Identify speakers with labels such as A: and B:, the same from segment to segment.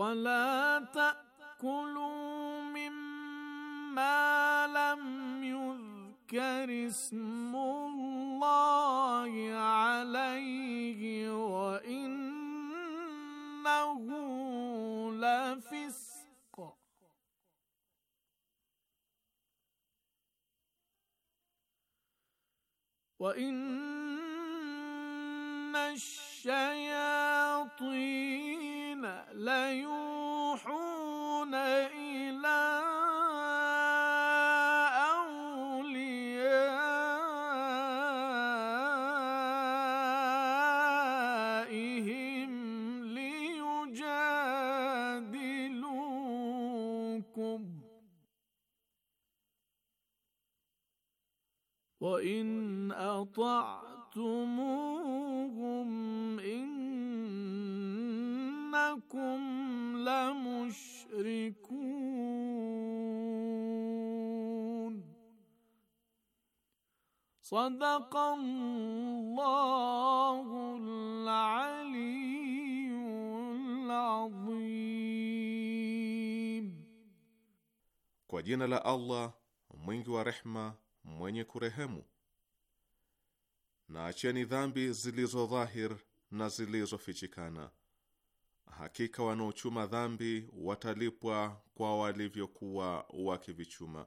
A: ولا تأكلوا مما لم يذكر اسم الله عليه وإنه لفسق وإن Sadaqallahul Aliyyul Adhim.
B: Kwa jina la Allah mwingi wa rehma mwenye kurehemu. Na acheni dhambi zilizo dhahir na zilizofichikana. Hakika wanaochuma dhambi watalipwa kwa walivyokuwa wakivichuma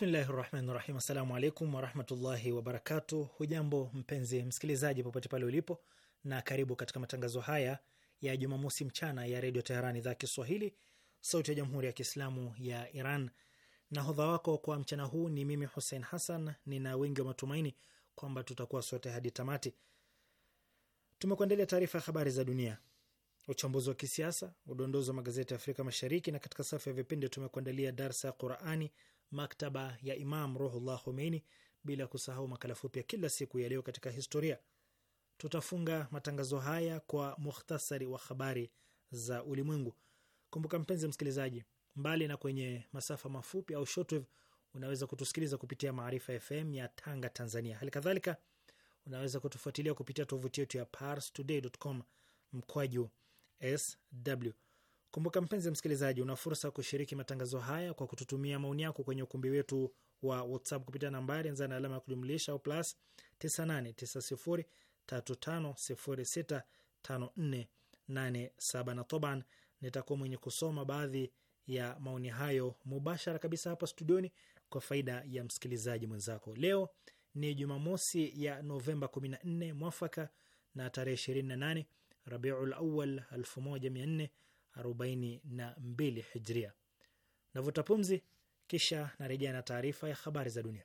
C: Bismillahi rahmani rahim. Assalamu alaikum warahmatullahi wabarakatu. Hujambo mpenzi msikilizaji, popote pale ulipo, na karibu katika matangazo haya ya Jumamosi mchana ya Redio Teheran, idhaa Kiswahili, sauti ya Jamhuri ya Kiislamu ya Iran. Nahodha wako kwa mchana huu ni mimi Hussein Hassan. Nina wingi wa matumaini kwamba tutakuwa sote hadi tamati. Tumekuandalia taarifa ya habari za dunia, uchambuzi wa kisiasa, udondozi wa magazeti ya Afrika Mashariki, na katika safu ya vipindi tumekuandalia darsa ya Qurani, maktaba ya Imam Ruhullah Khomeini, bila kusahau makala fupi ya kila siku ya leo katika historia. Tutafunga matangazo haya kwa mukhtasari wa habari za ulimwengu. Kumbuka mpenzi msikilizaji, mbali na kwenye masafa mafupi au shortwave, unaweza kutusikiliza kupitia Maarifa FM ya Tanga, Tanzania. Hali kadhalika unaweza kutufuatilia kupitia tovuti yetu ya parstoday.com mkwaju sw Kumbuka mpenzi msikilizaji, una fursa kushiriki matangazo haya kwa kututumia maoni yako kwenye ukumbi wetu wa WhatsApp kupitia nambari nzana alama ya kujumlisha au plus 989035065487 na toban, nitakuwa mwenye kusoma baadhi ya maoni hayo mubashara kabisa hapa studioni kwa faida ya msikilizaji mwenzako. Leo ni Jumamosi ya Novemba 14 mwafaka na tarehe 28 Rabiul Awal 42 hijria. Navuta pumzi, kisha narejea na taarifa ya habari za dunia.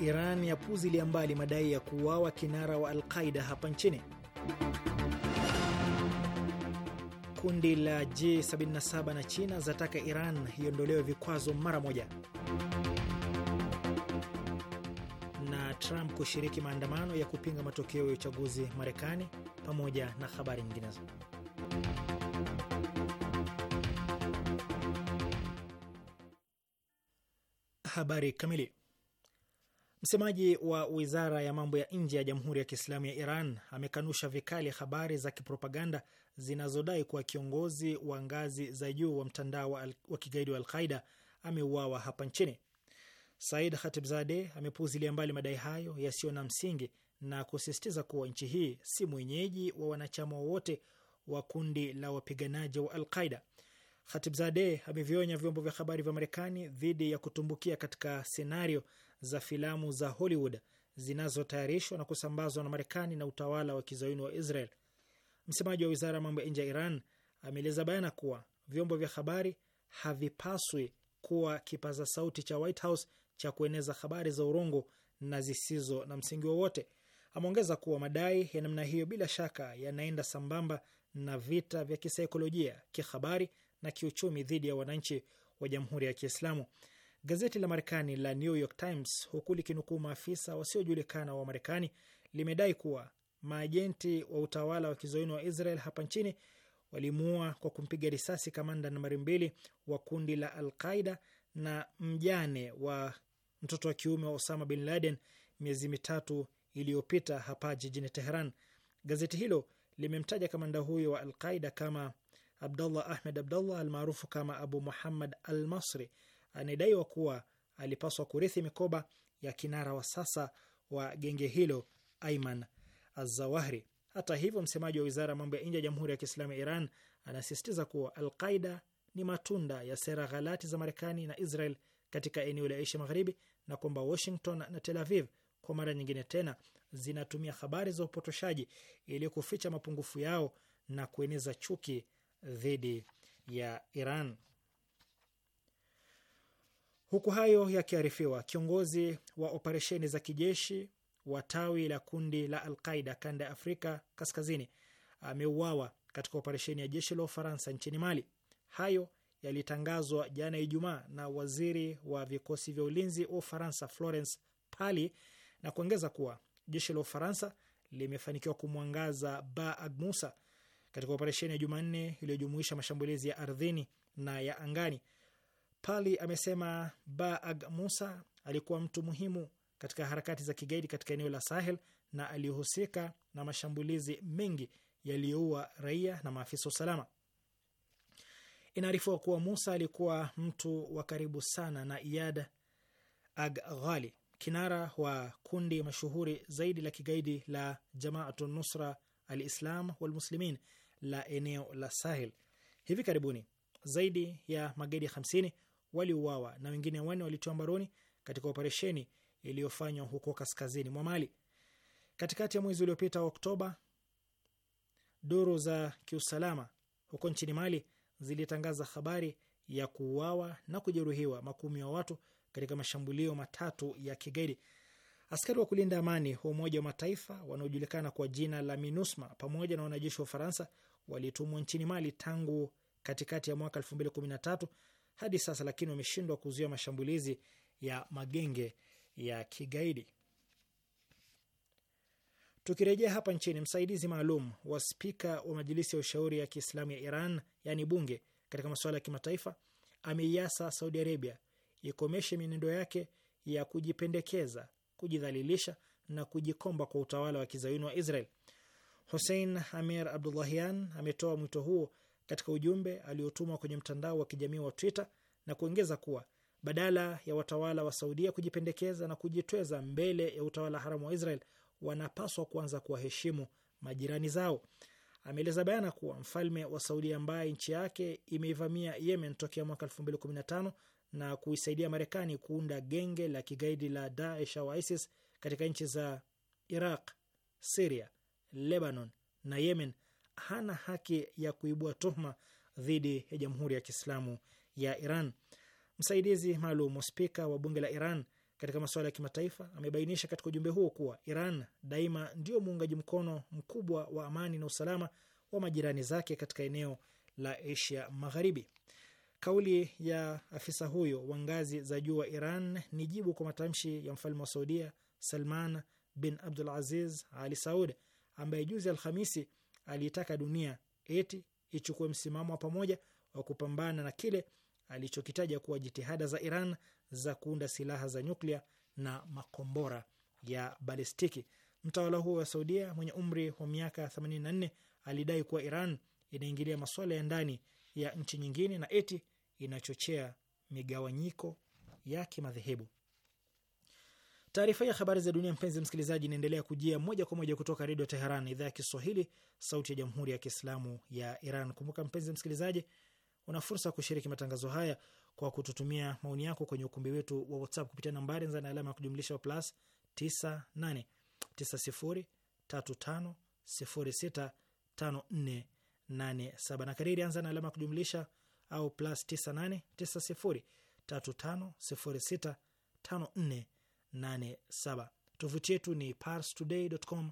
C: Iran yapuzilia mbali madai ya kuuawa kinara wa Alqaida hapa nchini. Kundi la G77 na China zataka Iran iondolewe vikwazo mara moja. Na Trump kushiriki maandamano ya kupinga matokeo ya uchaguzi Marekani, pamoja na habari nyinginezo. Habari kamili Msemaji wa wizara ya mambo ya nje ya Jamhuri ya Kiislamu ya Iran amekanusha vikali habari za kipropaganda zinazodai kuwa kiongozi wa ngazi za juu wa mtandao wa kigaidi wa Alqaida ameuawa hapa nchini. Said Khatibzade amepuzilia mbali madai hayo yasiyo na msingi na kusisitiza kuwa nchi hii si mwenyeji wa wanachama wowote wa kundi la wapiganaji wa Alqaida. Khatibzade amevionya vyombo vya habari vya Marekani dhidi ya kutumbukia katika senario za filamu za Hollywood zinazotayarishwa na kusambazwa na Marekani na utawala wa kizayuni wa Israel. Msemaji wa wizara ya mambo ya nje ya Iran ameeleza bayana kuwa vyombo vya habari havipaswi kuwa kipaza sauti cha White House cha kueneza habari za urongo na zisizo na msingi wowote. Ameongeza kuwa madai ya namna hiyo bila shaka yanaenda sambamba na vita vya kisaikolojia, kihabari na kiuchumi dhidi ya wananchi wa Jamhuri ya Kiislamu. Gazeti la Marekani la New York Times, huku likinukuu maafisa wasiojulikana wa Marekani, limedai kuwa maajenti wa utawala wa kizoeni wa Israel hapa nchini walimuua kwa kumpiga risasi kamanda nambari mbili wa kundi la Alqaida na mjane wa mtoto wa kiume wa Osama bin Laden miezi mitatu iliyopita hapa jijini Teheran. Gazeti hilo limemtaja kamanda huyo wa Alqaida kama Abdullah Ahmed Abdullah almaarufu kama Abu Muhammad al Masri anadaiwa kuwa alipaswa kurithi mikoba ya kinara wa sasa wa genge hilo Aiman Azawahri. Hata hivyo, msemaji wa wizara ya mambo ya nje ya Jamhuri ya Kiislamu ya Iran anasisitiza kuwa al qaida ni matunda ya sera ghalati za Marekani na Israel katika eneo la Asia Magharibi na kwamba Washington na Tel Aviv kwa mara nyingine tena zinatumia habari za upotoshaji ili kuficha mapungufu yao na kueneza chuki dhidi ya Iran. Huku hayo yakiarifiwa, kiongozi wa operesheni za kijeshi wa tawi la kundi la Alqaida kanda ya Afrika Kaskazini ameuawa katika operesheni ya jeshi la Ufaransa nchini Mali. Hayo yalitangazwa jana Ijumaa na waziri wa vikosi vya ulinzi wa Ufaransa Florence Pali, na kuongeza kuwa jeshi la Ufaransa limefanikiwa kumwangaza Ba Agmusa katika operesheni ya Jumanne iliyojumuisha mashambulizi ya ardhini na ya angani. Pali amesema Baag Musa alikuwa mtu muhimu katika harakati za kigaidi katika eneo la Sahel na alihusika na mashambulizi mengi yaliyoua raia na maafisa usalama. Inaarifiwa kuwa Musa alikuwa mtu wa karibu sana na Iyad Ag Ghali, kinara wa kundi mashuhuri zaidi la kigaidi la Jamaatu Nusra Alislam Walmuslimin la eneo la Sahel. Hivi karibuni zaidi ya magaidi waliuawa na wengine wanne walitiwa mbaroni katika operesheni iliyofanywa huko kaskazini mwa Mali. Katikati ya mwezi uliopita Oktoba, duru za kiusalama huko nchini Mali zilitangaza habari ya kuuawa na kujeruhiwa makumi wa watu katika mashambulio matatu ya kigaidi. Askari wa kulinda amani wa Umoja wa Mataifa wanaojulikana kwa jina la MINUSMA pamoja na wanajeshi wa Ufaransa walitumwa nchini Mali tangu katikati ya mwaka kumi na tatu hadi sasa, lakini wameshindwa kuzuia mashambulizi ya magenge ya kigaidi. Tukirejea hapa nchini, msaidizi maalum wa spika wa Majilisi ya Ushauri ya Kiislamu ya Iran, yaani bunge, katika masuala ya kimataifa ameiasa Saudi Arabia ikomeshe mienendo yake ya kujipendekeza, kujidhalilisha na kujikomba kwa utawala wa kizayuni wa Israel. Hussein Amir Abdullahian ametoa mwito huo katika ujumbe aliotumwa kwenye mtandao wa kijamii wa Twitter na kuongeza kuwa badala ya watawala wa Saudia kujipendekeza na kujitweza mbele ya utawala haramu wa Israel wanapaswa kuanza kuwaheshimu majirani zao. Ameeleza bayana kuwa mfalme wa Saudia ambaye nchi yake imeivamia Yemen tokea mwaka 2015 na kuisaidia Marekani kuunda genge la kigaidi la Daesh au ISIS katika nchi za Iraq, Siria, Lebanon na Yemen hana haki ya kuibua tuhuma dhidi ya Jamhuri ya Kiislamu ya Iran. Msaidizi maalum wa spika wa bunge la Iran katika masuala ya kimataifa amebainisha katika ujumbe huo kuwa Iran daima ndio muungaji mkono mkubwa wa amani na usalama wa majirani zake katika eneo la Asia Magharibi. Kauli ya afisa huyo wa ngazi za juu wa Iran ni jibu kwa matamshi ya mfalme wa Saudia Salman bin Abdul Aziz Ali Saud ambaye juzi Alhamisi aliitaka dunia eti ichukue msimamo wa pamoja wa kupambana na kile alichokitaja kuwa jitihada za Iran za kuunda silaha za nyuklia na makombora ya balistiki. Mtawala huo wa Saudia mwenye umri wa miaka 84 alidai kuwa Iran inaingilia masuala ya ndani ya nchi nyingine na eti inachochea migawanyiko ya kimadhehebu. Taarifa ya habari za dunia, mpenzi msikilizaji, inaendelea kujia moja kwa moja kutoka Redio Teheran, idhaa ya Kiswahili, sauti ya Jamhuri ya Kiislamu ya Iran. Kumbuka mpenzi msikilizaji, una fursa kushiriki matangazo haya kwa kututumia maoni yako kwenye ukumbi wetu wa WhatsApp kupitia nambari nza na alama ya kujumlisha plus 989035065487 na kariri anza na alama ya kujumlisha au plus 9890350654 87. Tovuti yetu ni parstoday.com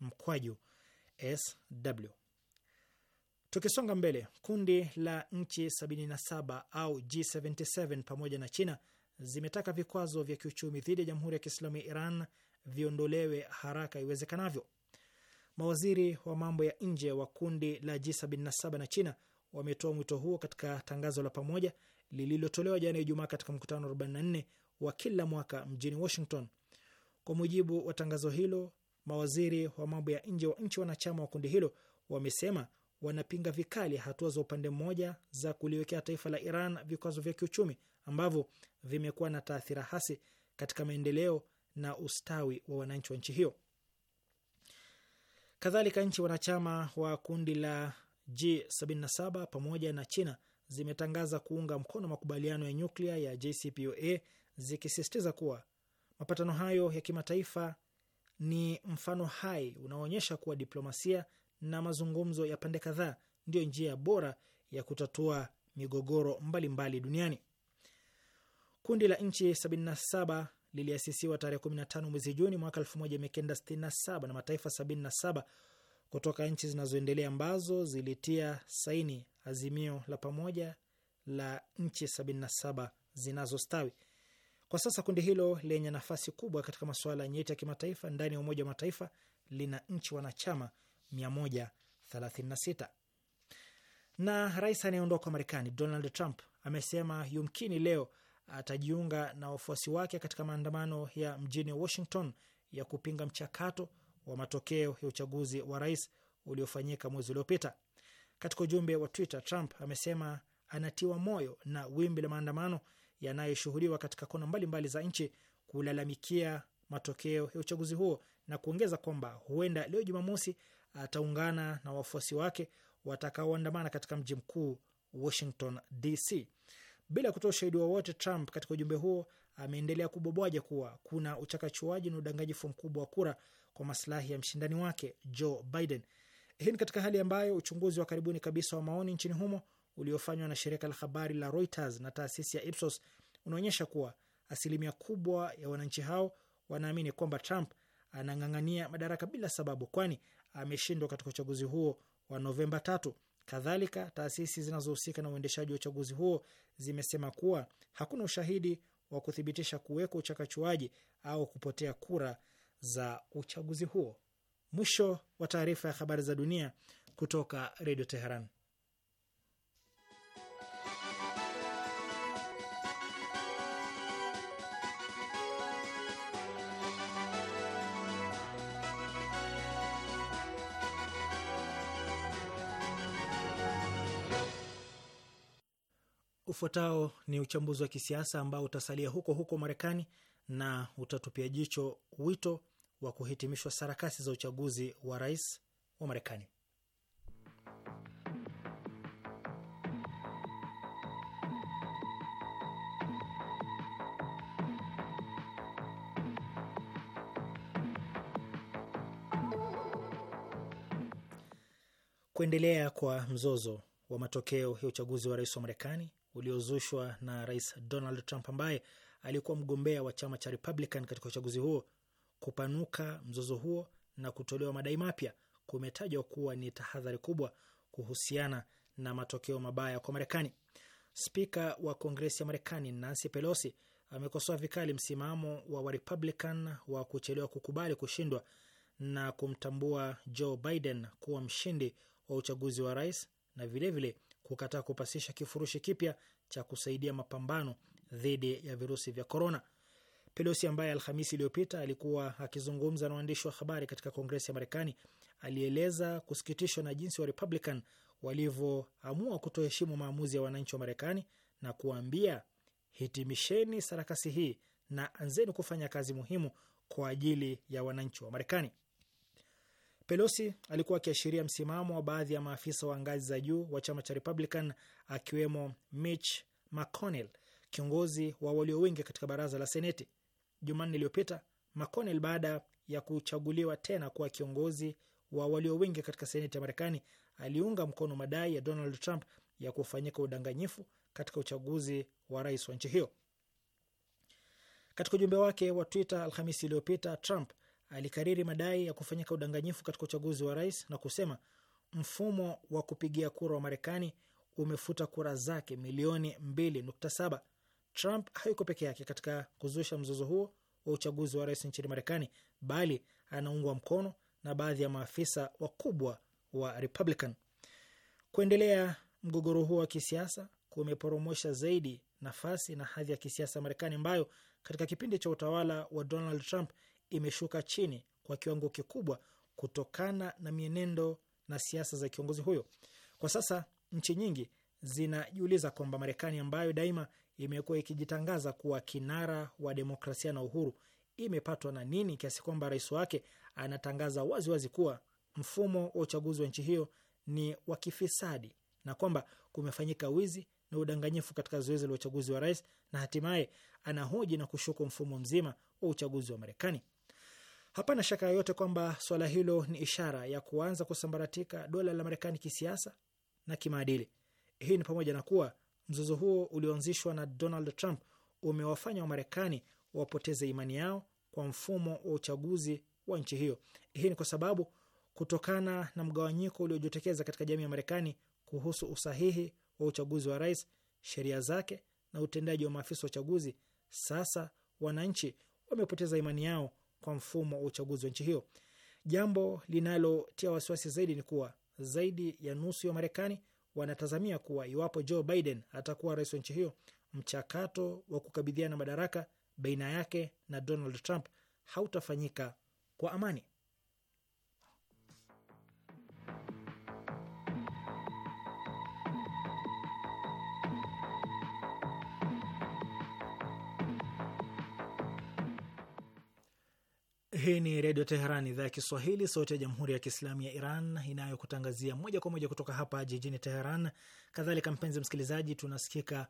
C: mkwaju sw. Tukisonga mbele, kundi la nchi 77 au G77 pamoja na China zimetaka vikwazo vya kiuchumi dhidi ya Jamhuri ya Kiislamu ya Iran viondolewe haraka iwezekanavyo. Mawaziri wa mambo ya nje wa kundi la G77 na China wametoa mwito huo katika tangazo la pamoja lililotolewa jana Ijumaa katika mkutano 44 wa kila mwaka mjini Washington. Kwa mujibu wa tangazo hilo, mawaziri wa mambo ya nje wa nchi wanachama wa kundi hilo wamesema wanapinga vikali hatua za upande mmoja za kuliwekea taifa la Iran vikwazo vya kiuchumi ambavyo vimekuwa na taathira hasi katika maendeleo na ustawi wa wananchi wa nchi hiyo. Kadhalika, nchi wanachama wa kundi la G77 pamoja na China zimetangaza kuunga mkono makubaliano ya nyuklia ya JCPOA zikisisitiza kuwa mapatano hayo ya kimataifa ni mfano hai unaoonyesha kuwa diplomasia na mazungumzo ya pande kadhaa ndiyo njia bora ya kutatua migogoro mbalimbali mbali duniani. Kundi la nchi 77 liliasisiwa tarehe 15 mwezi Juni mwaka 1967 na mataifa 77 kutoka nchi zinazoendelea ambazo zilitia saini azimio la pamoja la nchi 77 zinazostawi. Kwa sasa kundi hilo lenye nafasi kubwa katika masuala nyeti ya kimataifa ndani ya Umoja wa Mataifa lina nchi wanachama 136. Na rais anayeondoka wa Marekani Donald Trump amesema yumkini leo atajiunga na wafuasi wake katika maandamano ya mjini Washington ya kupinga mchakato wa matokeo ya uchaguzi wa rais uliofanyika mwezi uliopita. Katika ujumbe wa Twitter, Trump amesema anatiwa moyo na wimbi la maandamano yanayoshuhudiwa katika kona mbalimbali za nchi kulalamikia matokeo ya uchaguzi huo na kuongeza kwamba huenda leo Jumamosi ataungana na wafuasi wake watakaoandamana katika mji mkuu Washington DC. Bila kutoa ushahidi wowote, Trump katika ujumbe huo ameendelea kubobwaja kuwa kuna uchakachuaji na udanganyifu mkubwa wa kura kwa maslahi ya mshindani wake Joe Biden. Hii ni katika hali ambayo uchunguzi wa karibuni kabisa wa maoni nchini humo uliofanywa na shirika la habari la Reuters na taasisi ya Ipsos unaonyesha kuwa asilimia kubwa ya wananchi hao wanaamini kwamba Trump anang'ang'ania madaraka bila sababu, kwani ameshindwa katika uchaguzi huo wa Novemba tatu. Kadhalika, taasisi zinazohusika na uendeshaji wa uchaguzi huo zimesema kuwa hakuna ushahidi wa kuthibitisha kuwekwa uchakachuaji au kupotea kura za uchaguzi huo. Mwisho wa taarifa ya habari za dunia kutoka Redio Teheran. Ufuatao ni uchambuzi wa kisiasa ambao utasalia huko huko Marekani na utatupia jicho wito wa kuhitimishwa sarakasi za uchaguzi wa rais wa Marekani. Kuendelea kwa mzozo wa matokeo ya uchaguzi wa rais wa Marekani uliozushwa na Rais Donald Trump ambaye alikuwa mgombea wa chama cha Republican katika uchaguzi huo. Kupanuka mzozo huo na kutolewa madai mapya kumetajwa kuwa ni tahadhari kubwa kuhusiana na matokeo mabaya kwa Marekani. Spika wa Kongresi ya Marekani Nancy Pelosi amekosoa vikali msimamo wa Warepublican wa kuchelewa kukubali kushindwa na kumtambua Joe Biden kuwa mshindi wa uchaguzi wa rais na vilevile vile kukataa kupasisha kifurushi kipya cha kusaidia mapambano dhidi ya virusi vya korona. Pelosi ambaye Alhamisi iliyopita alikuwa akizungumza na waandishi wa habari katika Kongresi ya Marekani alieleza kusikitishwa na jinsi wa Republican walivyoamua kutoheshimu maamuzi ya wananchi wa Marekani na kuambia, hitimisheni sarakasi hii na anzeni kufanya kazi muhimu kwa ajili ya wananchi wa Marekani. Pelosi alikuwa akiashiria msimamo wa baadhi ya maafisa wa ngazi za juu wa chama cha Republican akiwemo Mitch McConnell, kiongozi wa walio wengi katika baraza la Seneti. Jumanne iliyopita, McConnell baada ya kuchaguliwa tena kuwa kiongozi wa walio wengi katika Seneti ya Marekani aliunga mkono madai ya Donald Trump ya kufanyika udanganyifu katika uchaguzi wa rais wa nchi hiyo. Katika ujumbe wake wa Twitter Alhamisi iliyopita, Trump alikariri madai ya kufanyika udanganyifu katika uchaguzi wa rais na kusema mfumo wa kupigia kura wa Marekani umefuta kura zake milioni 2.7. Trump hayuko peke yake katika kuzusha mzozo huo wa uchaguzi wa rais nchini Marekani, bali anaungwa mkono na baadhi ya maafisa wakubwa wa Republican. Kuendelea mgogoro huo wa kisiasa kumeporomosha zaidi nafasi na hadhi ya kisiasa Marekani ambayo katika kipindi cha utawala wa Donald Trump imeshuka chini kwa kiwango kikubwa kutokana na mienendo na siasa za kiongozi huyo. Kwa sasa nchi nyingi zinajiuliza kwamba Marekani ambayo daima imekuwa ikijitangaza kuwa kinara wa demokrasia na uhuru imepatwa na nini kiasi kwamba rais wake anatangaza waziwazi wazi kuwa mfumo wa uchaguzi wa nchi hiyo ni wa kifisadi na kwamba kumefanyika wizi na udanganyifu katika zoezi la uchaguzi wa rais, na hatimaye anahoji na kushuku mfumo mzima wa uchaguzi wa Marekani. Hapana shaka yoyote kwamba swala hilo ni ishara ya kuanza kusambaratika dola la Marekani kisiasa na kimaadili. Hii ni pamoja na kuwa mzozo huo ulioanzishwa na Donald Trump umewafanya Wamarekani wapoteze imani yao kwa mfumo wa uchaguzi wa nchi hiyo. Hii ni kwa sababu kutokana na mgawanyiko uliojitokeza katika jamii ya Marekani kuhusu usahihi wa uchaguzi wa rais, sheria zake na utendaji wa maafisa wa uchaguzi, sasa wananchi wamepoteza imani yao kwa mfumo wa uchaguzi wa nchi hiyo. Jambo linalotia wasiwasi zaidi ni kuwa zaidi ya nusu ya Marekani wanatazamia kuwa iwapo Joe Biden atakuwa rais wa nchi hiyo, mchakato wa kukabidhiana madaraka baina yake na Donald Trump hautafanyika kwa amani. Hii ni Redio Teheran, idhaa ya Kiswahili, sauti ya Jamhuri ya Kiislamu ya Iran, inayokutangazia moja kwa moja kutoka hapa jijini Teheran. Kadhalika mpenzi msikilizaji, tunasikika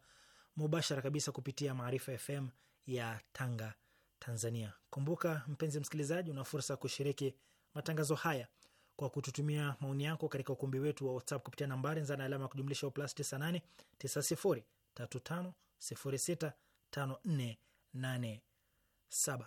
C: mubashara kabisa kupitia Maarifa FM ya Tanga, Tanzania. Kumbuka mpenzi msikilizaji, una fursa ya kushiriki matangazo haya kwa kututumia maoni yako katika ukumbi wetu wa WhatsApp kupitia nambari zana alama ya kujumlisha plus 98 9035065487.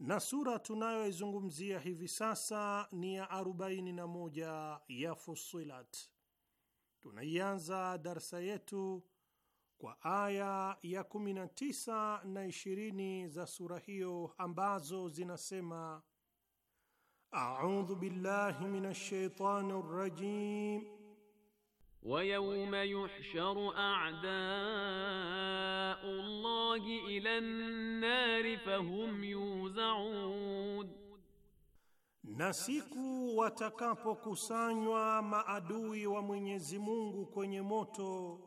D: na sura tunayoizungumzia hivi sasa ni ya 41 ya Fusilat. Tunaianza darsa yetu kwa aya ya 19 na 20 za sura hiyo ambazo zinasema:
E: audhu billahi minash shaitani rajim wa yawma yuhsharu a'daa أعداء الله إلى النار فهم
D: na siku watakapokusanywa maadui wa Mwenyezi Mungu kwenye moto,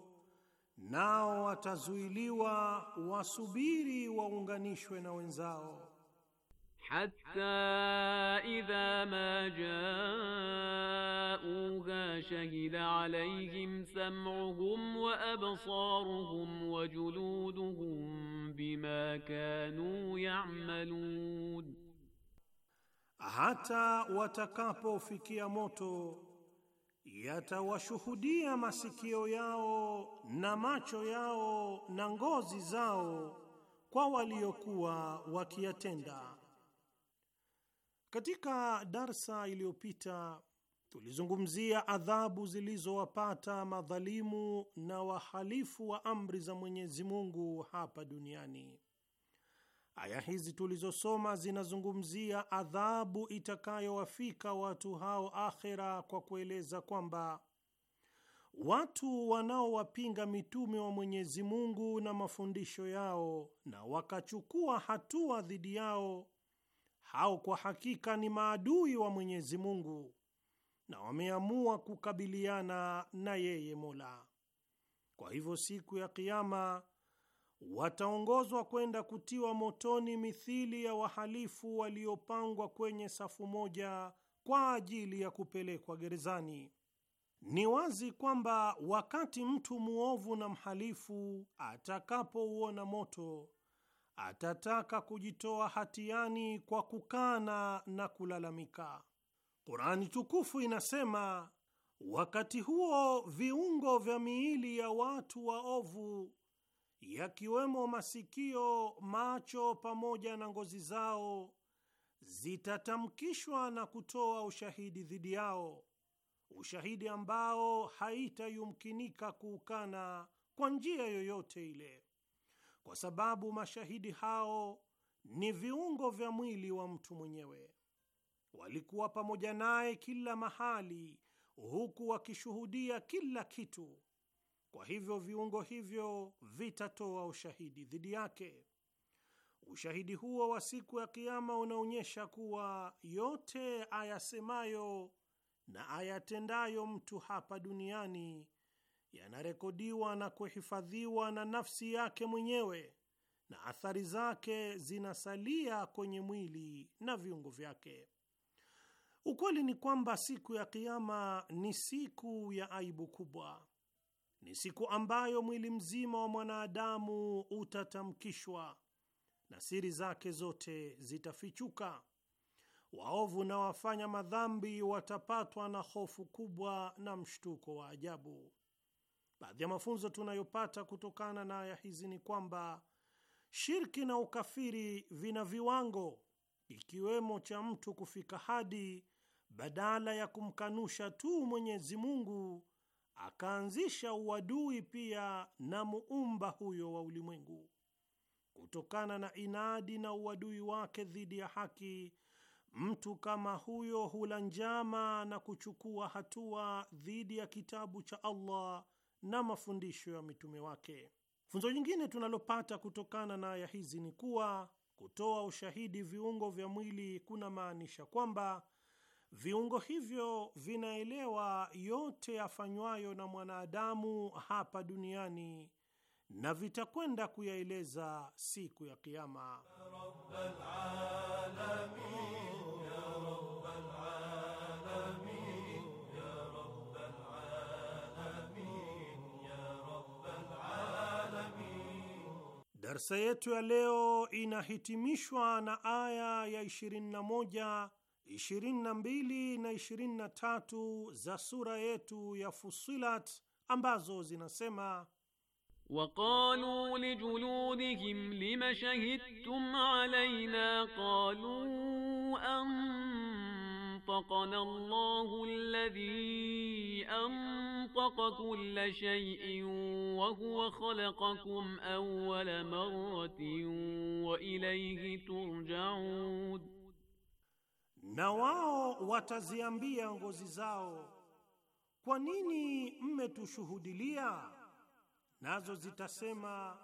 D: nao watazuiliwa
E: wasubiri waunganishwe
D: na wenzao
E: hatta idha ma jauha shahida alayhim sam'uhum wa absaruhum wa juluduhum bima hata watakapofikia moto yatawashuhudia
D: masikio yao na macho yao na ngozi zao kwa waliokuwa wakiyatenda. Katika darsa iliyopita tulizungumzia adhabu zilizowapata madhalimu na wahalifu wa amri za Mwenyezi Mungu hapa duniani. Aya hizi tulizosoma zinazungumzia adhabu itakayowafika watu hao akhera, kwa kueleza kwamba watu wanaowapinga mitume wa Mwenyezi Mungu na mafundisho yao na wakachukua hatua dhidi yao hao kwa hakika ni maadui wa Mwenyezi Mungu na wameamua kukabiliana na yeye Mola. Kwa hivyo siku ya Kiama wataongozwa kwenda kutiwa motoni mithili ya wahalifu waliopangwa kwenye safu moja kwa ajili ya kupelekwa gerezani. Ni wazi kwamba wakati mtu mwovu na mhalifu atakapouona moto atataka kujitoa hatiani kwa kukana na kulalamika. Kurani tukufu inasema, wakati huo viungo vya miili ya watu waovu yakiwemo masikio, macho pamoja na ngozi zao zitatamkishwa na kutoa ushahidi dhidi yao, ushahidi ambao haitayumkinika kuukana kwa njia yoyote ile kwa sababu mashahidi hao ni viungo vya mwili wa mtu mwenyewe. Walikuwa pamoja naye kila mahali, huku wakishuhudia kila kitu. Kwa hivyo viungo hivyo vitatoa ushahidi dhidi yake. Ushahidi huo wa siku ya Kiama unaonyesha kuwa yote ayasemayo na ayatendayo mtu hapa duniani yanarekodiwa na kuhifadhiwa na nafsi yake mwenyewe na athari zake zinasalia kwenye mwili na viungo vyake. Ukweli ni kwamba siku ya Kiama ni siku ya aibu kubwa, ni siku ambayo mwili mzima wa mwanadamu utatamkishwa na siri zake zote zitafichuka. Waovu na wafanya madhambi watapatwa na hofu kubwa na mshtuko wa ajabu. Baadhi ya mafunzo tunayopata kutokana na aya hizi ni kwamba shirki na ukafiri vina viwango, ikiwemo cha mtu kufika hadi badala ya kumkanusha tu Mwenyezi Mungu akaanzisha uadui pia na muumba huyo wa ulimwengu. Kutokana na inadi na uadui wake dhidi ya haki, mtu kama huyo hula njama na kuchukua hatua dhidi ya kitabu cha Allah na mafundisho ya mitume wake. Funzo jingine tunalopata kutokana na aya hizi ni kuwa kutoa ushahidi viungo vya mwili kuna maanisha kwamba viungo hivyo vinaelewa yote yafanywayo na mwanadamu hapa duniani na vitakwenda kuyaeleza siku ya Kiama. Darsa yetu ya leo inahitimishwa na aya ya 21, 22 na 23 za sura yetu ya Fusilat
E: ambazo zinasema waqalu lijuludihim lima shahidtum alayna qalu antaqana Allahu alladhi أنطق كل شيء وهو خلقكم أول مرة وإليه ترجعون na wao wataziambia ngozi zao, kwa nini
D: mmetushuhudilia? Nazo zitasema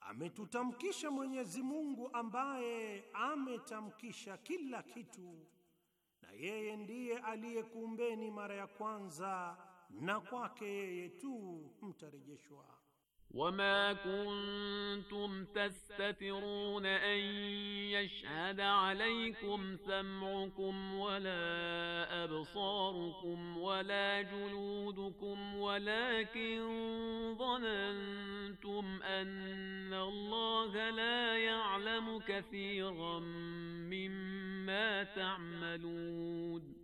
D: ametutamkisha Mwenyezi Mungu ambaye ametamkisha kila kitu, na yeye ndiye aliyekuumbeni mara ya kwanza na kwake
E: yeye tu mtarejeshwa. وما كنتم تستترون أن يشهد عليكم سمعكم ولا أبصاركم ولا جلودكم ولكن ظننتم أن الله لا يعلم كثيرا مما تعملون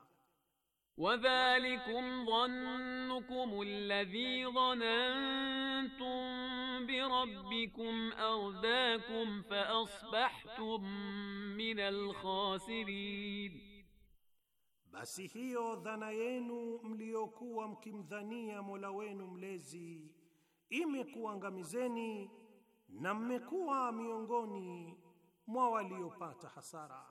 E: Wadhalikum dhannukum alladhi dhanantum birabbikum ardaakum faasbahtum min alkhasirin,
D: basi hiyo dhana yenu mliyokuwa mkimdhania Mola wenu mlezi imekuangamizeni na mmekuwa miongoni mwa waliopata hasara.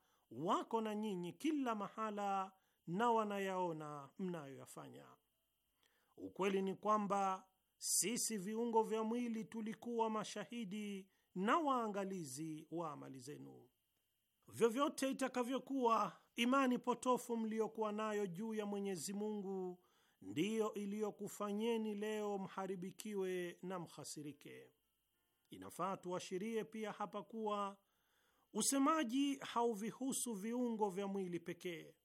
D: wako na nyinyi kila mahala na wanayaona mnayoyafanya. Ukweli ni kwamba sisi viungo vya mwili tulikuwa mashahidi na waangalizi wa amali zenu. Vyovyote itakavyokuwa imani potofu mliyokuwa nayo juu ya Mwenyezi Mungu ndiyo iliyokufanyeni leo mharibikiwe na mhasirike. Inafaa tuashirie pia hapa kuwa Usemaji hauvihusu viungo vya mwili pekee,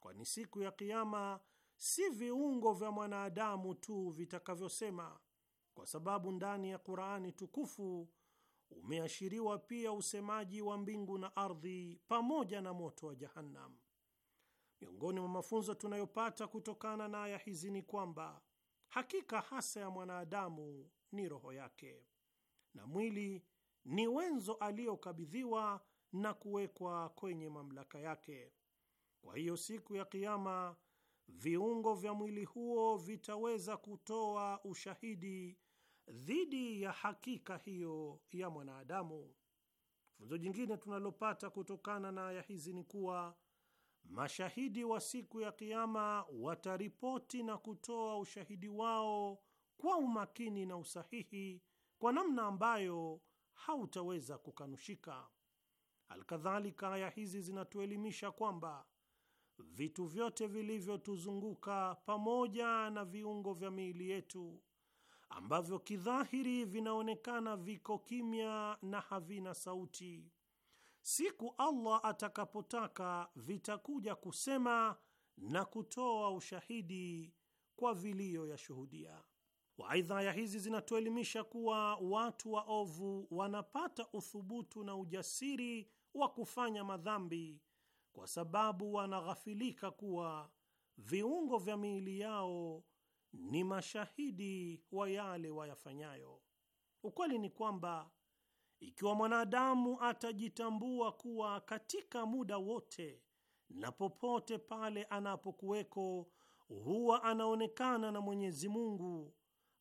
D: kwani siku ya Kiama si viungo vya mwanadamu tu vitakavyosema, kwa sababu ndani ya Qur'ani tukufu umeashiriwa pia usemaji wa mbingu na ardhi pamoja na moto wa Jahannam. Miongoni mwa mafunzo tunayopata kutokana na aya hizi ni kwamba hakika hasa ya mwanadamu ni roho yake na mwili ni wenzo aliyokabidhiwa na kuwekwa kwenye mamlaka yake. Kwa hiyo siku ya Kiama viungo vya mwili huo vitaweza kutoa ushahidi dhidi ya hakika hiyo ya mwanadamu. Funzo jingine tunalopata kutokana na aya hizi ni kuwa mashahidi wa siku ya Kiama wataripoti na kutoa ushahidi wao kwa umakini na usahihi, kwa namna ambayo hautaweza kukanushika. Alkadhalika, aya hizi zinatuelimisha kwamba vitu vyote vilivyotuzunguka pamoja na viungo vya miili yetu ambavyo kidhahiri vinaonekana viko kimya na havina sauti, siku Allah atakapotaka vitakuja kusema na kutoa ushahidi kwa vilio ya shuhudia. Waidha, aya hizi zinatuelimisha kuwa watu waovu wanapata uthubutu na ujasiri wa kufanya madhambi kwa sababu wanaghafilika kuwa viungo vya miili yao ni mashahidi wa yale wayafanyayo. Ukweli ni kwamba ikiwa mwanadamu atajitambua kuwa katika muda wote na popote pale anapokuweko huwa anaonekana na Mwenyezi Mungu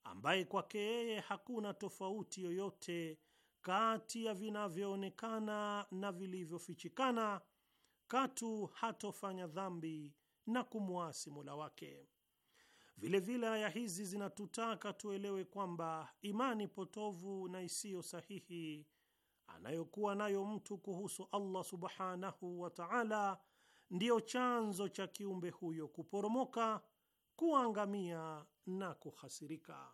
D: ambaye kwake yeye hakuna tofauti yoyote kati ya vinavyoonekana na vilivyofichikana, katu hatofanya dhambi na kumwasi Mola wake. Vilevile aya hizi zinatutaka tuelewe kwamba imani potovu na isiyo sahihi anayokuwa nayo mtu kuhusu Allah subhanahu wa ta'ala ndiyo chanzo cha kiumbe huyo kuporomoka kuangamia na kuhasirika.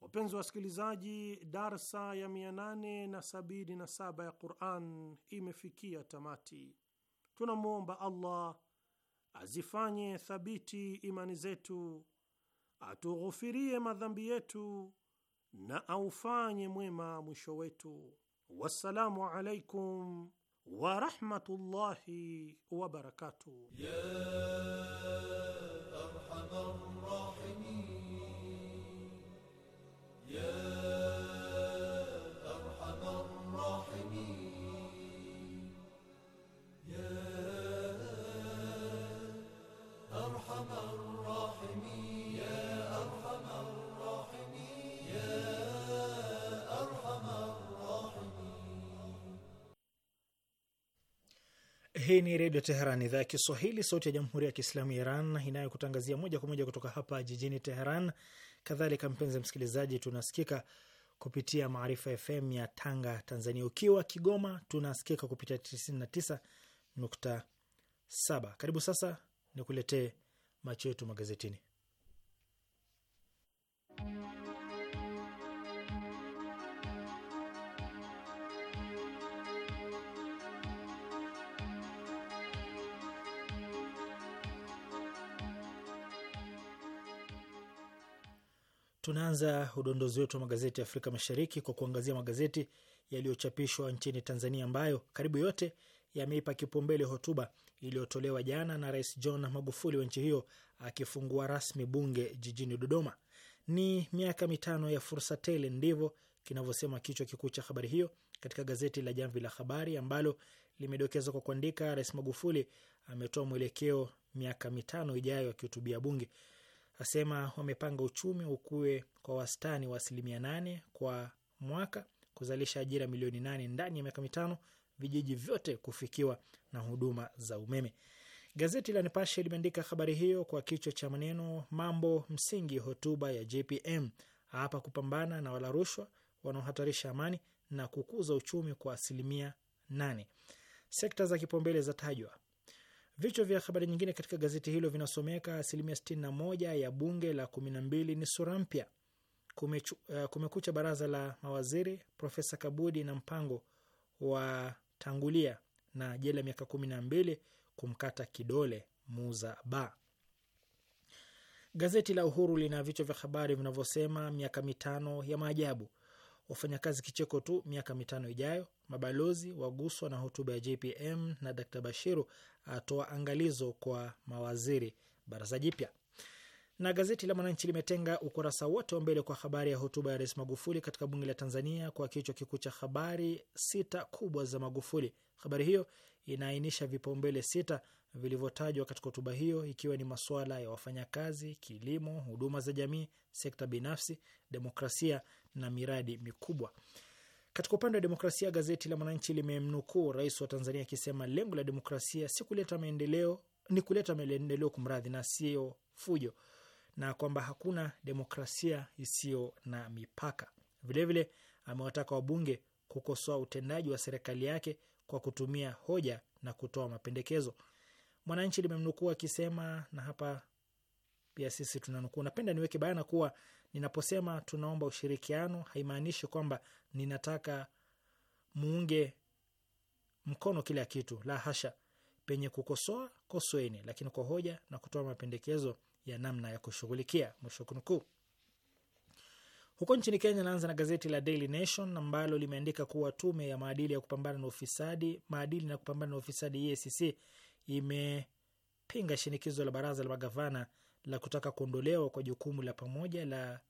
D: Wapenzi wasikilizaji, darsa ya 877 ya Quran imefikia tamati. Tunamwomba Allah azifanye thabiti imani zetu, atughufirie madhambi yetu na aufanye mwema mwisho wetu. Wassalamu alaikum warahmatullahi wabarakatuh.
C: Hii ni Redio Teheran, idhaa ya Kiswahili, sauti ya Jamhuri ya Kiislamu ya Iran inayokutangazia moja kwa moja kutoka hapa jijini Teheran. Kadhalika mpenzi msikilizaji, tunasikika kupitia Maarifa FM ya Tanga, Tanzania. Ukiwa Kigoma tunasikika kupitia 99.7. Karibu sasa nikuletee macho yetu magazetini. Tunaanza udondozi wetu wa magazeti ya Afrika Mashariki kwa kuangazia magazeti yaliyochapishwa nchini Tanzania ambayo karibu yote yameipa kipaumbele hotuba iliyotolewa jana na Rais John Magufuli wa nchi hiyo akifungua rasmi bunge jijini Dodoma. Ni miaka mitano ya fursa tele, ndivyo kinavyosema kichwa kikuu cha habari hiyo katika gazeti la Jamvi la Habari ambalo limedokezwa kwa kuandika, Rais Magufuli ametoa mwelekeo miaka mitano ijayo akihutubia bunge asema wamepanga uchumi ukue kwa wastani wa asilimia nane kwa mwaka, kuzalisha ajira milioni nane ndani ya miaka mitano, vijiji vyote kufikiwa na huduma za umeme. Gazeti la Nipashe limeandika habari hiyo kwa kichwa cha maneno, mambo msingi, hotuba ya JPM hapa kupambana na wala rushwa wanaohatarisha amani na kukuza uchumi kwa asilimia nane. Sekta za kipaumbele zatajwa, Vichwa vya habari nyingine katika gazeti hilo vinasomeka: asilimia 61 ya bunge la 12 ni sura mpya, eh, kumekucha baraza la mawaziri, Profesa Kabudi na Mpango wa tangulia na jela miaka 12 kumkata kidole Muza Ba. Gazeti la Uhuru lina vichwa vya habari vinavyosema miaka mitano ya maajabu, wafanyakazi kicheko tu miaka mitano ijayo, mabalozi waguswa na hotuba ya JPM na Dr Bashiru atoa angalizo kwa mawaziri baraza jipya. Na gazeti la Mwananchi limetenga ukurasa wote wa mbele kwa habari ya hotuba ya Rais Magufuli katika bunge la Tanzania kwa kichwa kikuu cha habari, sita kubwa za Magufuli. Habari hiyo inaainisha vipaumbele sita vilivyotajwa katika hotuba hiyo, ikiwa ni masuala ya wafanyakazi, kilimo, huduma za jamii, sekta binafsi, demokrasia na miradi mikubwa. Katika upande wa demokrasia, gazeti la Mwananchi limemnukuu rais wa Tanzania akisema lengo la demokrasia si kuleta maendeleo, ni kuleta maendeleo kumradhi, na sio fujo na kwamba hakuna demokrasia isiyo na mipaka. Vilevile amewataka wabunge kukosoa utendaji wa serikali yake kwa kutumia hoja na kutoa mapendekezo. Mwananchi limemnukuu akisema, na hapa pia sisi tunanukuu, napenda niweke bayana kuwa ninaposema tunaomba ushirikiano haimaanishi kwamba ninataka muunge mkono kila kitu, la hasha. Penye kukosoa kosoeni, lakini kwa hoja na kutoa mapendekezo ya namna ya kushughulikia, mwisho kunukuu. Huko nchini Kenya, naanza na gazeti la Daily Nation ambalo limeandika kuwa tume ya maadili ya kupambana na ufisadi, maadili na kupambana na ufisadi EACC imepinga shinikizo la baraza la magavana la kutaka kuondolewa kwa jukumu la pamoja la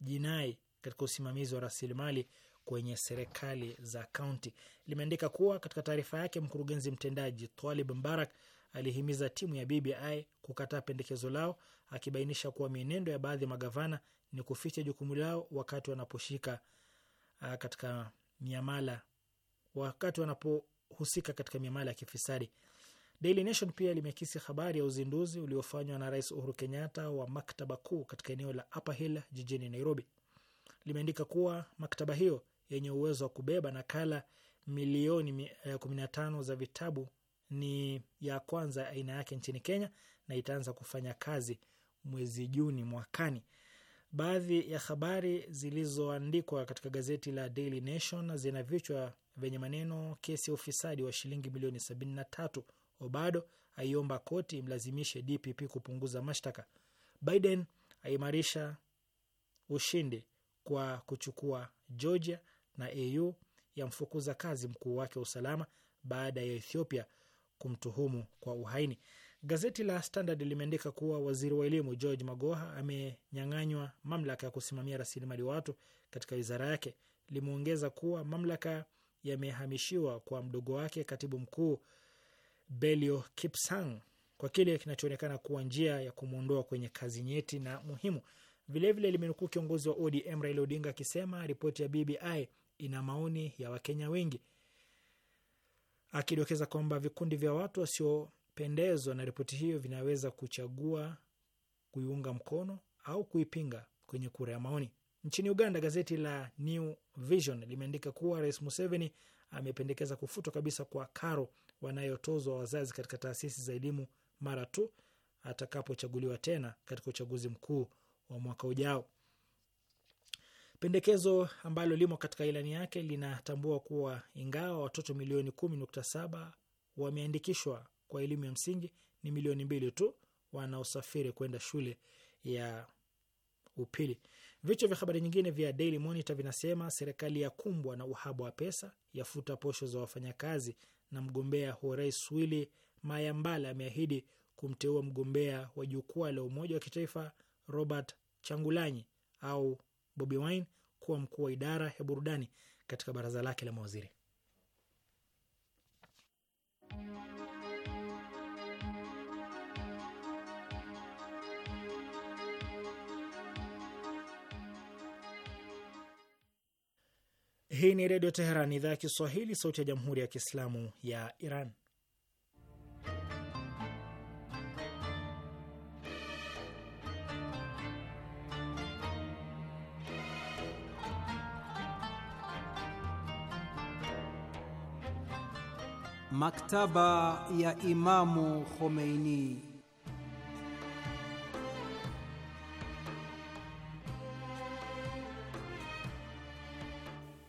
C: jinai katika usimamizi wa rasilimali kwenye serikali za kaunti. Limeandika kuwa katika taarifa yake, mkurugenzi mtendaji Twalib Mbarak alihimiza timu ya BBI kukataa pendekezo lao, akibainisha kuwa mienendo ya baadhi ya magavana ni kuficha jukumu lao wakati wanaposhika ah, katika miamala, wakati wanapohusika katika miamala ya kifisadi. Daily Nation pia limekisi habari ya uzinduzi uliofanywa na Rais Uhuru Kenyatta wa maktaba kuu katika eneo la Upper Hill jijini Nairobi. Limeandika kuwa maktaba hiyo yenye uwezo wa kubeba nakala milioni 15 eh, za vitabu ni ya kwanza aina yake nchini Kenya na itaanza kufanya kazi mwezi Juni mwakani. Baadhi ya habari zilizoandikwa katika gazeti la Daily Nation zina vichwa vyenye maneno kesi ya ufisadi wa shilingi milioni 73, Obado aiomba koti imlazimishe DPP kupunguza mashtaka, Biden aimarisha ushindi kwa kuchukua Georgia, na AU yamfukuza kazi mkuu wake wa usalama baada ya Ethiopia kumtuhumu kwa uhaini. Gazeti la Standard limeandika kuwa waziri wa elimu George Magoha amenyang'anywa mamlaka ya kusimamia rasilimali watu katika wizara yake. Limeongeza kuwa mamlaka yamehamishiwa kwa mdogo wake katibu mkuu Belio Kipsang kwa kile kinachoonekana kuwa njia ya kumwondoa kwenye kazi nyeti na muhimu. Vilevile limenukuu kiongozi wa ODM Raila Odinga akisema ripoti ya BBI ina maoni ya Wakenya wengi akidokeza kwamba vikundi vya watu wasiopendezwa na ripoti hiyo vinaweza kuchagua kuiunga mkono au kuipinga kwenye kura ya maoni. Nchini Uganda, gazeti la New Vision limeandika kuwa Rais Museveni amependekeza kufutwa kabisa kwa karo wanayotozwa wazazi katika taasisi za elimu mara tu atakapochaguliwa tena katika uchaguzi mkuu wa mwaka ujao. Pendekezo ambalo limo katika ilani yake linatambua kuwa ingawa watoto milioni saba wameandikishwa kwa elimu ya msingi, ni milioni mbili tu wanaosafiri kwenda shule ya upili. Vichwa vya habari nyingine vya Daily Monitor vinasema serikali ya kumbwa na uhaba wa pesa, yafuta posho za wafanyakazi, na mgombea wa rais Willy Mayambala ameahidi kumteua mgombea wa jukwaa la umoja wa kitaifa Robert Changulanyi au Bobi Wine kuwa mkuu wa idara ya burudani katika baraza lake la mawaziri. Hii ni Redio Teheran, idhaa ya Kiswahili, sauti ya Jamhuri ya Kiislamu ya Iran. Maktaba ya Imamu Khomeini.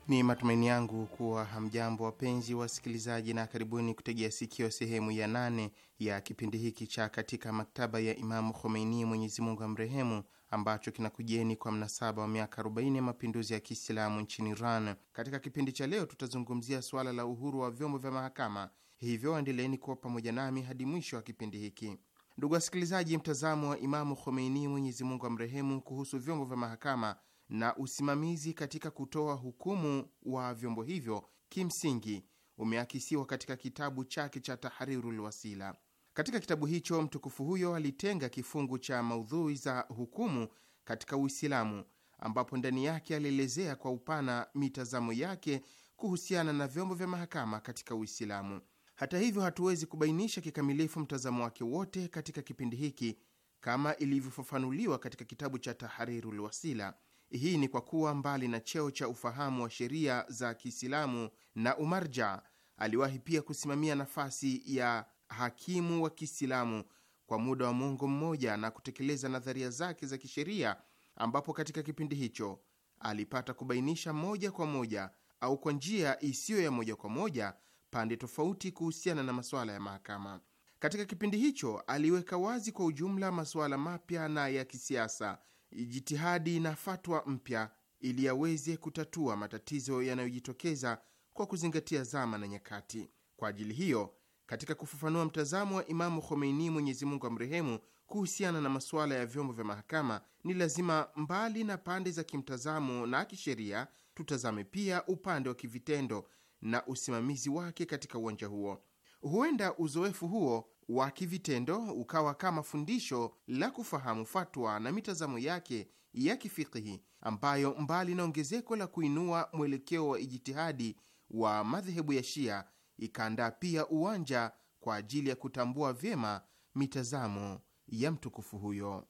F: Ni matumaini yangu kuwa hamjambo wapenzi wasikilizaji, na karibuni kutegea sikio sehemu ya nane ya kipindi hiki cha katika maktaba ya Imamu Khomeini, Mwenyezi Mungu amrehemu, ambacho kinakujeni kwa mnasaba wa miaka 40 ya mapinduzi ya Kiislamu nchini Iran. Katika kipindi cha leo tutazungumzia suala la uhuru wa vyombo vya mahakama hivyo endeleeni kuwa pamoja nami hadi mwisho wa kipindi hiki. Ndugu wasikilizaji, mtazamo wa Imamu Khomeini, Mwenyezi Mungu amrehemu, kuhusu vyombo vya mahakama na usimamizi katika kutoa hukumu wa vyombo hivyo kimsingi umeakisiwa katika kitabu chake cha Tahrirul Wasila. Katika kitabu hicho mtukufu huyo alitenga kifungu cha maudhui za hukumu katika Uislamu, ambapo ndani yake alielezea kwa upana mitazamo yake kuhusiana na vyombo vya mahakama katika Uislamu. Hata hivyo, hatuwezi kubainisha kikamilifu mtazamo wake wote katika kipindi hiki kama ilivyofafanuliwa katika kitabu cha Tahrirul Wasila. Hii ni kwa kuwa mbali na cheo cha ufahamu wa sheria za Kiislamu na umarja, aliwahi pia kusimamia nafasi ya hakimu wa Kiislamu kwa muda wa muongo mmoja na kutekeleza nadharia zake za kisheria, ambapo katika kipindi hicho alipata kubainisha moja kwa moja au kwa njia isiyo ya moja kwa moja pande tofauti kuhusiana na masuala ya mahakama. Katika kipindi hicho aliweka wazi kwa ujumla masuala mapya na ya kisiasa, jitihadi na fatwa mpya, ili aweze kutatua matatizo yanayojitokeza kwa kuzingatia zama na nyakati. Kwa ajili hiyo, katika kufafanua mtazamo wa Imamu Khomeini, Mwenyezi Mungu amrehemu, kuhusiana na masuala ya vyombo vya mahakama, ni lazima mbali na pande za kimtazamo na kisheria, tutazame pia upande wa kivitendo na usimamizi wake katika uwanja huo. Huenda uzoefu huo wa kivitendo ukawa kama fundisho la kufahamu fatwa na mitazamo yake ya kifikihi ambayo mbali na ongezeko la kuinua mwelekeo wa ijitihadi wa madhehebu ya Shia ikaandaa pia uwanja kwa ajili ya kutambua vyema mitazamo ya mtukufu huyo.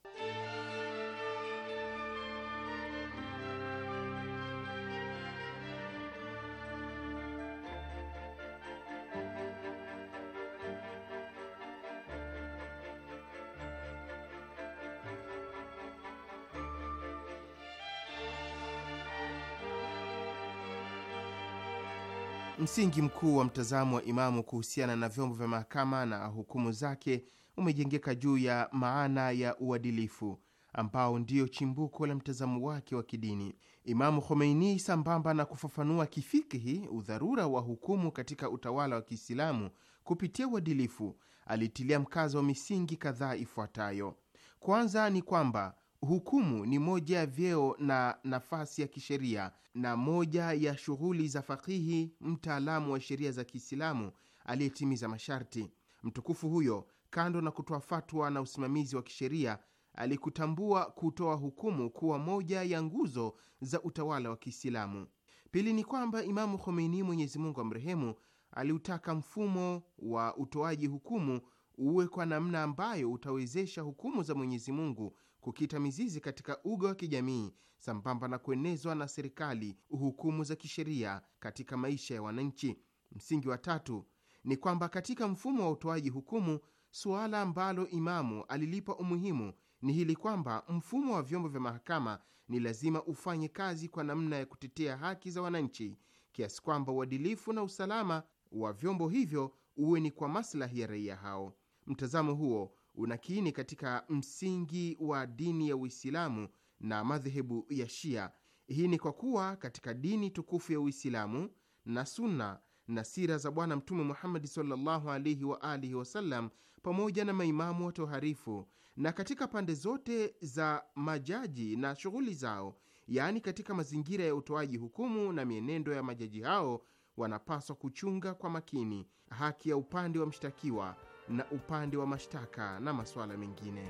F: Msingi mkuu wa mtazamo wa Imamu kuhusiana na vyombo vya mahakama na hukumu zake umejengeka juu ya maana ya uadilifu ambao ndiyo chimbuko la mtazamo wake wa kidini. Imamu Khomeini, sambamba na kufafanua kifikihi udharura wa hukumu katika utawala wa Kiislamu kupitia uadilifu, alitilia mkazo wa misingi kadhaa ifuatayo. Kwanza ni kwamba Hukumu ni moja ya vyeo na nafasi ya kisheria na moja ya shughuli za fakihi mtaalamu wa sheria za Kiislamu aliyetimiza masharti. Mtukufu huyo kando na kutoa fatwa na usimamizi wa kisheria, alikutambua kutoa hukumu kuwa moja ya nguzo za utawala wa Kiislamu. Pili ni kwamba Imamu Khomeini, Mwenyezi Mungu amrehemu, aliutaka mfumo wa utoaji hukumu uwe kwa namna ambayo utawezesha hukumu za Mwenyezi Mungu kukita mizizi katika uga wa kijamii sambamba na kuenezwa na serikali hukumu za kisheria katika maisha ya wananchi. Msingi wa tatu ni kwamba katika mfumo wa utoaji hukumu, suala ambalo Imamu alilipa umuhimu ni hili kwamba mfumo wa vyombo vya mahakama ni lazima ufanye kazi kwa namna ya kutetea haki za wananchi, kiasi kwamba uadilifu na usalama wa vyombo hivyo uwe ni kwa maslahi ya raia hao. Mtazamo huo unakini katika msingi wa dini ya Uislamu na madhehebu ya Shia. Hii ni kwa kuwa katika dini tukufu ya Uislamu na sunna na sira za Bwana Mtume Muhammadi sallallahu alaihi wa alihi wasallam pamoja na maimamu watoharifu na katika pande zote za majaji na shughuli zao, yaani katika mazingira ya utoaji hukumu na mienendo ya majaji hao, wanapaswa kuchunga kwa makini haki ya upande wa mshtakiwa na upande wa mashtaka na masuala mengine.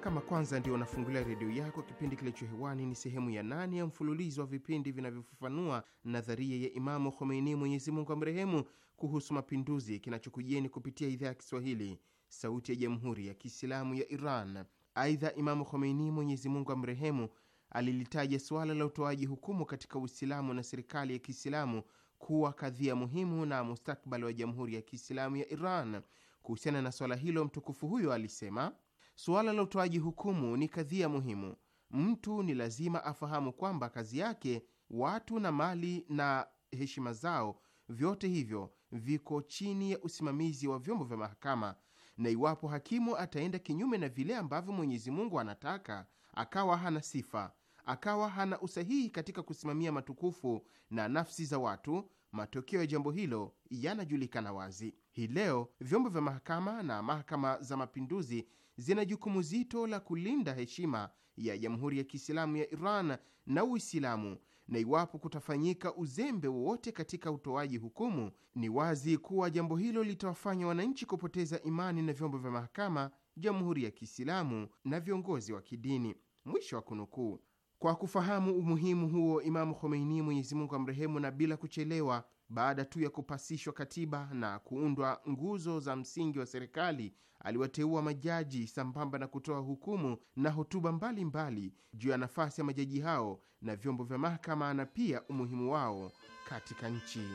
F: Kama kwanza ndio unafungulia redio yako, kipindi kilicho hewani ni sehemu ya nane ya mfululizo wa vipindi vinavyofafanua nadharia ya Imamu Khomeini, Mwenyezi Mungu amrehemu, kuhusu mapinduzi, kinachokujieni kupitia idhaa ya Kiswahili, Sauti ya Jamhuri ya Kiislamu ya Iran. Aidha, Imamu Khomeini, Mwenyezi Mungu amrehemu, alilitaja suala la utoaji hukumu katika Uislamu na serikali ya Kiislamu kuwa kadhia muhimu na mustakbali wa Jamhuri ya Kiislamu ya Iran. Kuhusiana na suala hilo, mtukufu huyo alisema, suala la utoaji hukumu ni kadhia muhimu. Mtu ni lazima afahamu kwamba kazi yake, watu na mali na heshima zao, vyote hivyo viko chini ya usimamizi wa vyombo vya mahakama na iwapo hakimu ataenda kinyume na vile ambavyo Mwenyezi Mungu anataka, akawa hana sifa, akawa hana usahihi katika kusimamia matukufu na nafsi za watu, matokeo ya jambo hilo yanajulikana wazi. Hii leo vyombo vya mahakama na mahakama za mapinduzi zina jukumu zito la kulinda heshima ya Jamhuri ya Kiislamu ya Iran na Uislamu na iwapo kutafanyika uzembe wowote katika utoaji hukumu, ni wazi kuwa jambo hilo litawafanya wananchi kupoteza imani na vyombo vya mahakama, jamhuri ya Kiislamu na viongozi wa kidini. Mwisho wa kunukuu. Kwa kufahamu umuhimu huo, Imamu Khomeini, Mwenyezi Mungu amrehemu, na bila kuchelewa baada tu ya kupasishwa katiba na kuundwa nguzo za msingi wa serikali, aliwateua majaji sambamba na kutoa hukumu na hotuba mbalimbali juu ya nafasi ya majaji hao na vyombo vya mahakama na pia umuhimu wao katika nchi.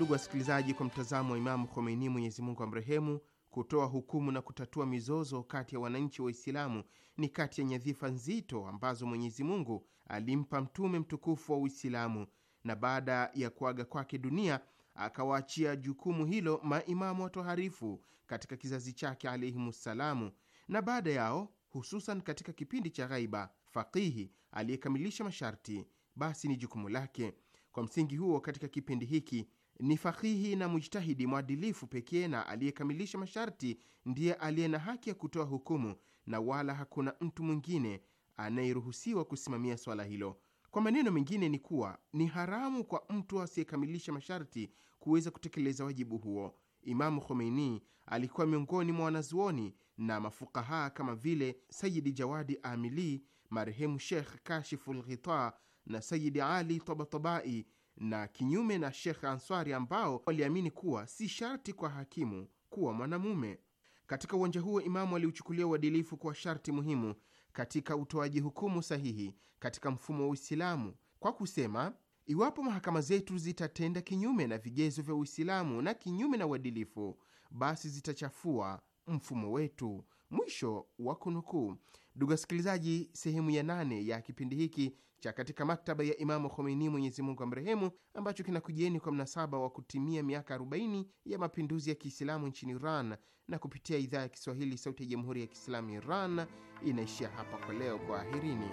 F: Ndugu wasikilizaji, kwa mtazamo wa Imamu Khomeini, Mwenyezi Mungu amrehemu, kutoa hukumu na kutatua mizozo kati ya wananchi Waislamu ni kati ya nyadhifa nzito ambazo Mwenyezi Mungu alimpa mtume mtukufu wa Uislamu, na baada ya kuaga kwake dunia akawaachia jukumu hilo maimamu watoharifu katika kizazi chake alaihimussalamu, na baada yao hususan katika kipindi cha ghaiba, faqihi aliyekamilisha masharti basi ni jukumu lake. Kwa msingi huo, katika kipindi hiki ni fakihi na mujtahidi mwadilifu pekee na aliyekamilisha masharti ndiye aliye na haki ya kutoa hukumu, na wala hakuna mtu mwingine anayeruhusiwa kusimamia swala hilo. Kwa maneno mengine, ni kuwa ni haramu kwa mtu asiyekamilisha masharti kuweza kutekeleza wajibu huo. Imamu Khomeini alikuwa miongoni mwa wanazuoni na mafukaha kama vile Sayidi Jawadi Amili, marehemu Shekh kashifu lghita na Sayidi Ali Tabatabai na kinyume na Shekh Answari ambao waliamini kuwa si sharti kwa hakimu kuwa mwanamume. Katika uwanja huo, Imamu aliuchukulia uadilifu kuwa sharti muhimu katika utoaji hukumu sahihi katika mfumo wa Uislamu kwa kusema, iwapo mahakama zetu zitatenda kinyume na vigezo vya Uislamu na kinyume na uadilifu, basi zitachafua mfumo wetu. Mwisho wa kunukuu. Ndugu wasikilizaji, sehemu ya nane ya kipindi hiki cha katika maktaba ya Imamu Khomeini, Mwenyezi Mungu amrehemu, ambacho kinakujieni kwa mnasaba wa kutimia miaka 40 ya mapinduzi ya Kiislamu nchini Iran na kupitia idhaa ya Kiswahili, Sauti ya Jamhuri ya Kiislamu Iran, inaishia hapa kwa leo. Kwaherini.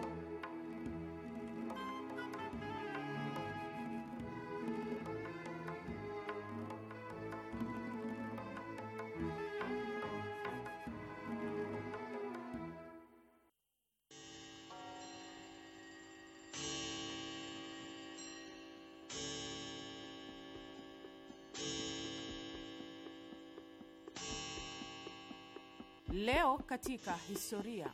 B: katika historia.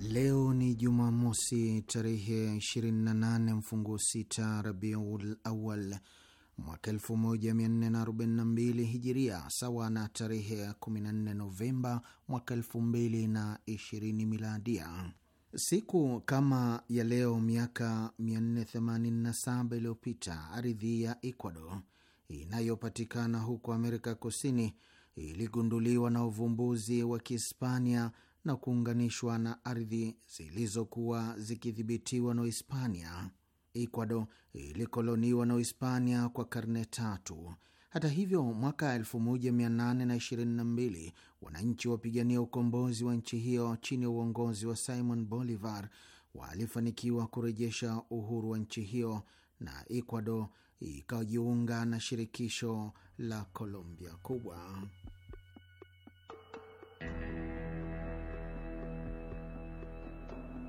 G: Leo ni Jumamosi tarehe 28 mfungu 6 Rabiul Awal mwaka 1442 Hijiria, sawa na tarehe 14 Novemba mwaka 2020 Miladia. Siku kama ya leo miaka 487 iliyopita, ardhi ya Ecuador inayopatikana huko Amerika Kusini iligunduliwa na uvumbuzi wa Kihispania na kuunganishwa na ardhi zilizokuwa zikidhibitiwa na Uhispania. Ecuador ilikoloniwa na Uhispania kwa karne tatu. Hata hivyo, mwaka 1822 wananchi wapigania ukombozi wa nchi hiyo chini ya uongozi wa Simon Bolivar walifanikiwa kurejesha uhuru wa nchi hiyo na Ecuador ikajiunga na shirikisho la Colombia kubwa.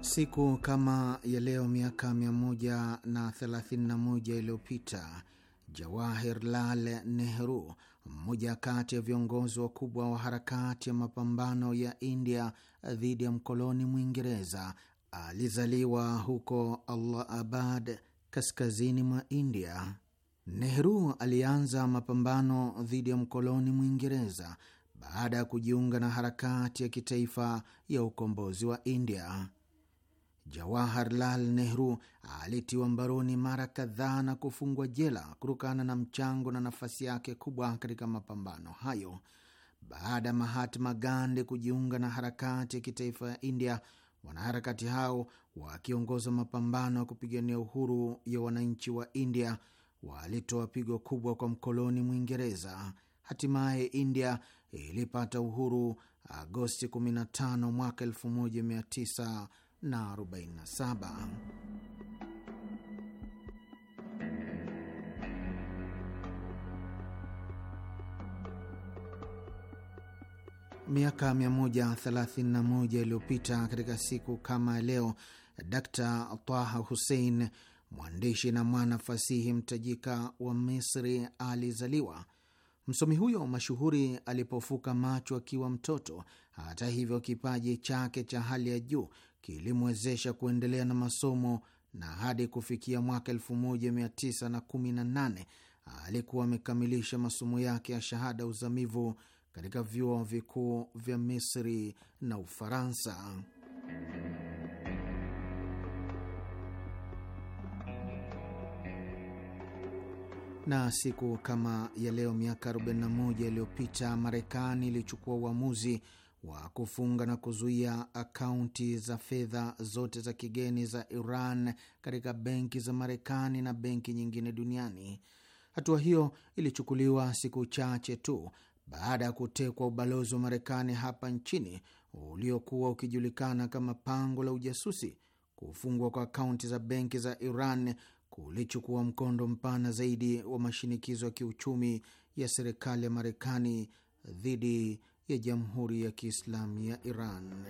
G: Siku kama ya leo miaka 131 iliyopita jawahir lal Nehru, mmoja kati ya viongozi wakubwa wa harakati ya mapambano ya India dhidi ya mkoloni Mwingereza, alizaliwa huko Allahabad, kaskazini mwa India. Nehru alianza mapambano dhidi ya mkoloni Mwingereza baada ya kujiunga na harakati ya kitaifa ya ukombozi wa India. Jawaharlal Nehru alitiwa mbaroni mara kadhaa na kufungwa jela kutokana na mchango na nafasi yake kubwa katika mapambano hayo. Baada ya Mahatma Gandhi kujiunga na harakati ya kitaifa ya India, wanaharakati hao wakiongoza mapambano ya kupigania uhuru ya wananchi wa India walitoa pigo kubwa kwa mkoloni Mwingereza. Hatimaye India ilipata uhuru Agosti 15 mwaka 1947. Miaka 131 iliyopita katika siku kama leo Dr Taha Hussein, mwandishi na mwana fasihi mtajika wa Misri, alizaliwa. Msomi huyo mashuhuri alipofuka macho akiwa mtoto. Hata hivyo, kipaji chake cha hali ya juu kilimwezesha kuendelea na masomo na hadi kufikia mwaka 1918 alikuwa amekamilisha masomo yake ya shahada uzamivu katika vyuo vikuu vya Misri na Ufaransa. Na siku kama ya leo miaka 41 iliyopita Marekani ilichukua uamuzi wa kufunga na kuzuia akaunti za fedha zote za kigeni za Iran katika benki za Marekani na benki nyingine duniani. Hatua hiyo ilichukuliwa siku chache tu baada ya kutekwa ubalozi wa Marekani hapa nchini uliokuwa ukijulikana kama pango la ujasusi, kufungwa kwa akaunti za benki za Iran kulichukua mkondo mpana zaidi wa mashinikizo ya kiuchumi ya serikali ya Marekani dhidi ya Jamhuri ya Kiislamu ya Iran.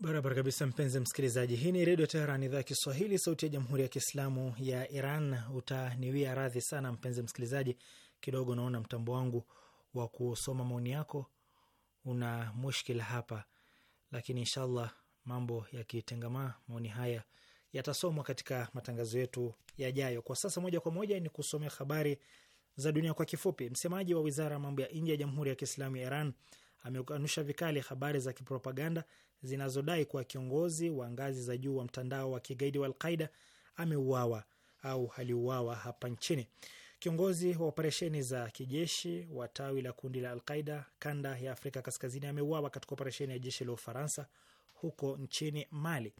C: Barabara kabisa, mpenzi msikilizaji, hii ni Redio Teheran, idhaa ya Kiswahili, sauti ya Jamhuri ya Kiislamu ya Iran. Utaniwia radhi sana mpenzi msikilizaji, kidogo naona mtambo wangu wa kusoma maoni yako una mushkila hapa, lakini inshallah mambo yakitengamaa, maoni haya yatasomwa katika matangazo yetu yajayo. Kwa sasa moja kwa moja ni kusomea habari za dunia kwa kifupi. Msemaji wa wizara ya mambo ya nje ya Jamhuri ya Kiislamu ya Iran amekanusha vikali habari za kipropaganda zinazodai kuwa kiongozi wa ngazi za juu wa mtandao wa kigaidi wa Alqaida ameuawa au aliuawa hapa nchini. Kiongozi wa operesheni za kijeshi wa tawi la kundi la Alqaida kanda ya Afrika Kaskazini ameuawa katika operesheni ya jeshi la Ufaransa huko nchini Mali.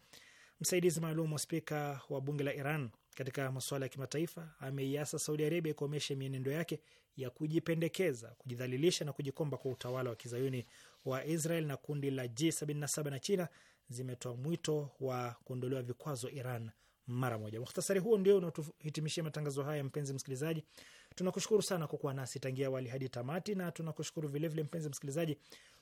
C: Msaidizi maalum wa spika wa bunge la Iran katika masuala ya kimataifa ameiasa Saudi Arabia kuomesha mienendo yake ya kujipendekeza, kujidhalilisha na kujikomba kwa utawala wa kizayuni wa Israel. Na kundi la G77 na China zimetoa mwito wa kuondolewa vikwazo Iran mara moja. Mukhtasari huo ndio unaotuhitimishia matangazo haya. Mpenzi msikilizaji, tunakushukuru sana kwa kuwa nasi tangia awali hadi tamati, na tunakushukuru vilevile mpenzi msikilizaji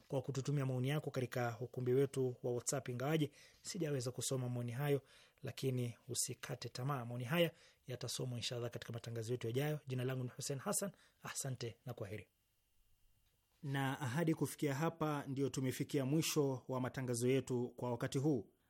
C: kwa kututumia maoni yako katika ukumbi wetu wa WhatsApp. Ingawaje sijaweza kusoma maoni hayo, lakini usikate tamaa, maoni haya yatasomwa inshallah katika matangazo yetu yajayo. Jina langu ni Hussein Hassan, asante na kwaheri. Na ahadi kufikia hapa, ndio tumefikia mwisho wa matangazo yetu kwa wakati huu.